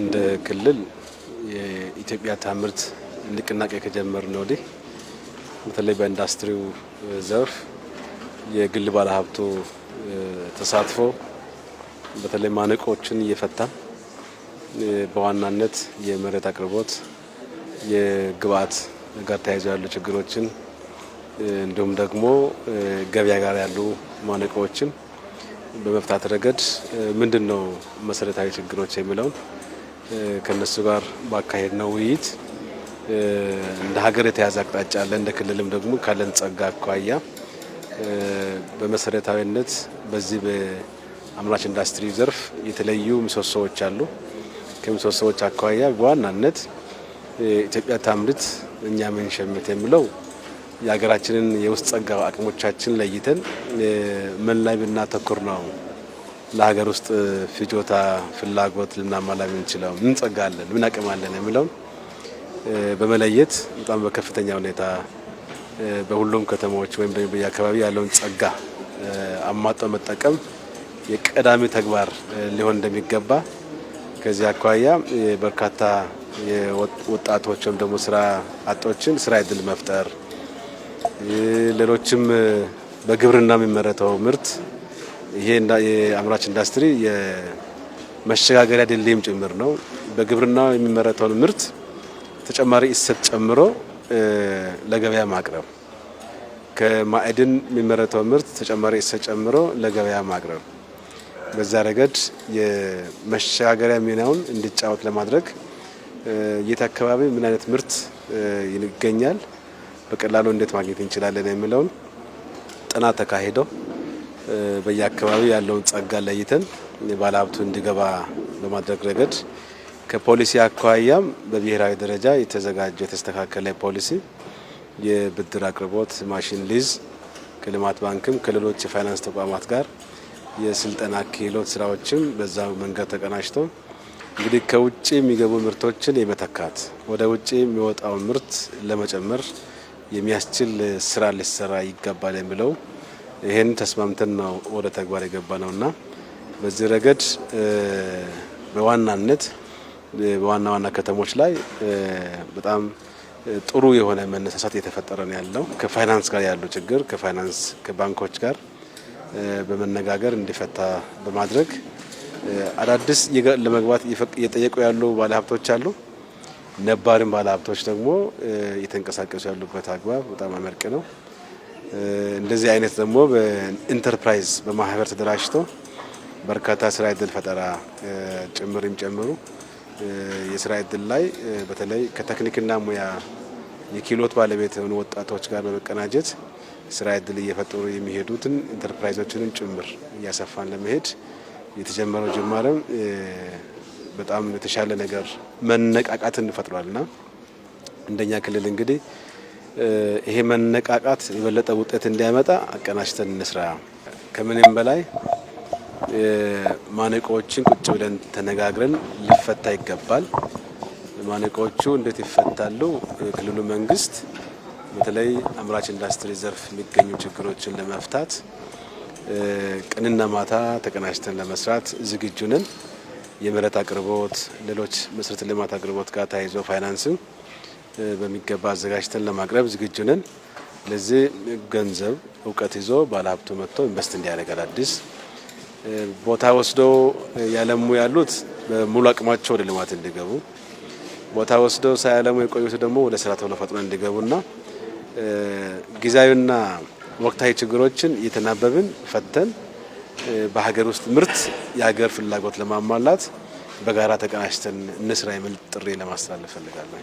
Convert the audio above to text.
እንደ ክልል የኢትዮጵያ ታምርት ንቅናቄ ከጀመርን ወዲህ በተለይ በኢንዱስትሪው ዘርፍ የግል ባለሀብቱ ተሳትፎ በተለይ ማነቆችን እየፈታ በዋናነት የመሬት አቅርቦት፣ የግብአት ጋር ተያይዞ ያሉ ችግሮችን እንዲሁም ደግሞ ገበያ ጋር ያሉ ማነቆዎችን በመፍታት ረገድ ምንድን ነው መሰረታዊ ችግሮች የሚለውን ከነሱ ጋር ባካሄድ ነው ውይይት እንደ ሀገር የተያዘ አቅጣጫ አለ። እንደ ክልልም ደግሞ ካለን ጸጋ አኳያ በመሰረታዊነት በዚህ በአምራች ኢንዱስትሪ ዘርፍ የተለዩ ምሰሶዎች አሉ። ከምሰሶዎች አኳያ በዋናነት ኢትዮጵያ ታምርት እኛ ምንሸምት የሚለው የሀገራችንን የውስጥ ጸጋ አቅሞቻችን ለይተን ምን ላይ ብናተኩር ነው ለሀገር ውስጥ ፍጆታ ፍላጎት ልናሟላ የምንችለው ምን ጸጋ አለን፣ ምን አቅም አለን የሚለውን በመለየት በጣም በከፍተኛ ሁኔታ በሁሉም ከተማዎች ወይም ደግሞ በየአካባቢ ያለውን ጸጋ አሟጦ መጠቀም የቀዳሚ ተግባር ሊሆን እንደሚገባ ከዚህ አኳያ በርካታ ወጣቶች ወይም ደግሞ ስራ አጦችን ስራ እድል መፍጠር ሌሎችም በግብርና የሚመረተው ምርት ይሄ የአምራች ኢንዱስትሪ የመሸጋገሪያ ድልድይም ጭምር ነው። በግብርና የሚመረተውን ምርት ተጨማሪ እሰት ጨምሮ ለገበያ ማቅረብ፣ ከማዕድን የሚመረተውን ምርት ተጨማሪ እሰት ጨምሮ ለገበያ ማቅረብ፣ በዛ ረገድ የመሸጋገሪያ ሚናውን እንዲጫወት ለማድረግ የት አካባቢ ምን አይነት ምርት ይገኛል፣ በቀላሉ እንዴት ማግኘት እንችላለን የሚለውን ጥናት ተካሂዶ በየአካባቢው ያለውን ጸጋ ለይተን ባለሀብቱ እንዲገባ በማድረግ ረገድ ከፖሊሲ አኳያም በብሔራዊ ደረጃ የተዘጋጀ የተስተካከለ ፖሊሲ የብድር አቅርቦት ማሽን ሊዝ ከልማት ባንክም ከሌሎች የፋይናንስ ተቋማት ጋር የስልጠና ክህሎት ስራዎችም በዛ መንገድ ተቀናጅቶ እንግዲህ ከውጭ የሚገቡ ምርቶችን የመተካት ወደ ውጭ የሚወጣውን ምርት ለመጨመር የሚያስችል ስራ ሊሰራ ይገባል የሚለው ይህን ተስማምተን ነው ወደ ተግባር የገባ ነውና በዚህ ረገድ በዋናነት በዋና ዋና ከተሞች ላይ በጣም ጥሩ የሆነ መነሳሳት እየተፈጠረ ነው ያለው። ከፋይናንስ ጋር ያለው ችግር ከፋይናንስ ከባንኮች ጋር በመነጋገር እንዲፈታ በማድረግ አዳዲስ ለመግባት እየጠየቁ ያሉ ባለሀብቶች አሉ። ነባርም ባለሀብቶች ደግሞ እየተንቀሳቀሱ ያሉበት አግባብ በጣም አመርቅ ነው። እንደዚህ አይነት ደግሞ በኢንተርፕራይዝ በማህበር ተደራጅቶ በርካታ ስራ እድል ፈጠራ ጭምር የሚጨምሩ የስራ እድል ላይ በተለይ ከቴክኒክና ሙያ የኪሎት ባለቤት የሆኑ ወጣቶች ጋር በመቀናጀት ስራ እድል እየፈጠሩ የሚሄዱትን ኢንተርፕራይዞችንም ጭምር እያሰፋን ለመሄድ የተጀመረው ጅማሬም በጣም የተሻለ ነገር መነቃቃትን ፈጥሯልና እንደኛ ክልል እንግዲህ ይሄ መነቃቃት የበለጠ ውጤት እንዲያመጣ አቀናጅተን እንስራ። ከምንም በላይ ማነቆዎችን ቁጭ ብለን ተነጋግረን ሊፈታ ይገባል። ማነቆዎቹ እንዴት ይፈታሉ? የክልሉ መንግስት በተለይ አምራች ኢንዱስትሪ ዘርፍ የሚገኙ ችግሮችን ለመፍታት ቀንና ማታ ተቀናጅተን ለመስራት ዝግጁ ነን። የመሬት አቅርቦት፣ ሌሎች መሰረተ ልማት አቅርቦት ጋር ተያይዞ ፋይናንስም በሚገባ አዘጋጅተን ለማቅረብ ዝግጁ ነን። ለዚህ ገንዘብ እውቀት ይዞ ባለሀብቱ መጥቶ ኢንቨስት እንዲያደርጋል። አዲስ ቦታ ወስደው ያለሙ ያሉት በሙሉ አቅማቸው ወደ ልማት እንዲገቡ፣ ቦታ ወስደው ሳያለሙ የቆዩት ደግሞ ወደ ስራ ተብሎ ፈጥኖ እንዲገቡና ጊዜያዊና ወቅታዊ ችግሮችን እየተናበብን ፈተን በሀገር ውስጥ ምርት የሀገር ፍላጎት ለማሟላት በጋራ ተቀናጅተን እንስራ የሚል ጥሪ ለማስተላለፍ ፈልጋለሁ።